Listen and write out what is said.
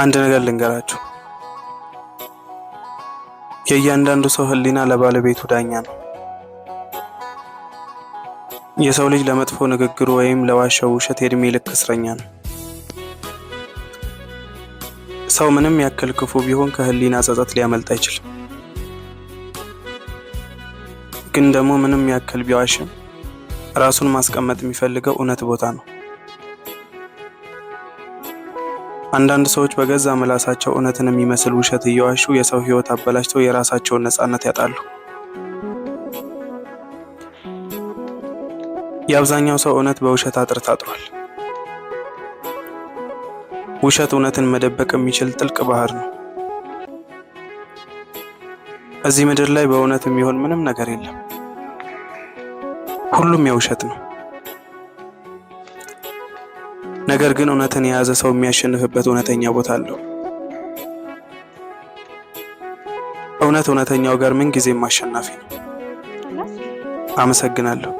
አንድ ነገር ልንገራችሁ፣ የእያንዳንዱ ሰው ህሊና ለባለቤቱ ዳኛ ነው። የሰው ልጅ ለመጥፎ ንግግሩ ወይም ለዋሸው ውሸት የእድሜ ልክ እስረኛ ነው። ሰው ምንም ያክል ክፉ ቢሆን ከህሊና ጸጸት ሊያመልጥ አይችልም። ግን ደግሞ ምንም ያክል ቢዋሽም ራሱን ማስቀመጥ የሚፈልገው እውነት ቦታ ነው። አንዳንድ ሰዎች በገዛ ምላሳቸው እውነትን የሚመስል ውሸት እየዋሹ የሰው ህይወት አበላሽተው የራሳቸውን ነጻነት ያጣሉ። የአብዛኛው ሰው እውነት በውሸት አጥር ታጥሯል። ውሸት እውነትን መደበቅ የሚችል ጥልቅ ባህር ነው። እዚህ ምድር ላይ በእውነት የሚሆን ምንም ነገር የለም። ሁሉም የውሸት ነው። ነገር ግን እውነትን የያዘ ሰው የሚያሸንፍበት እውነተኛ ቦታ አለው። እውነት እውነተኛው ጋር ምን ጊዜም አሸናፊ ነው። አመሰግናለሁ።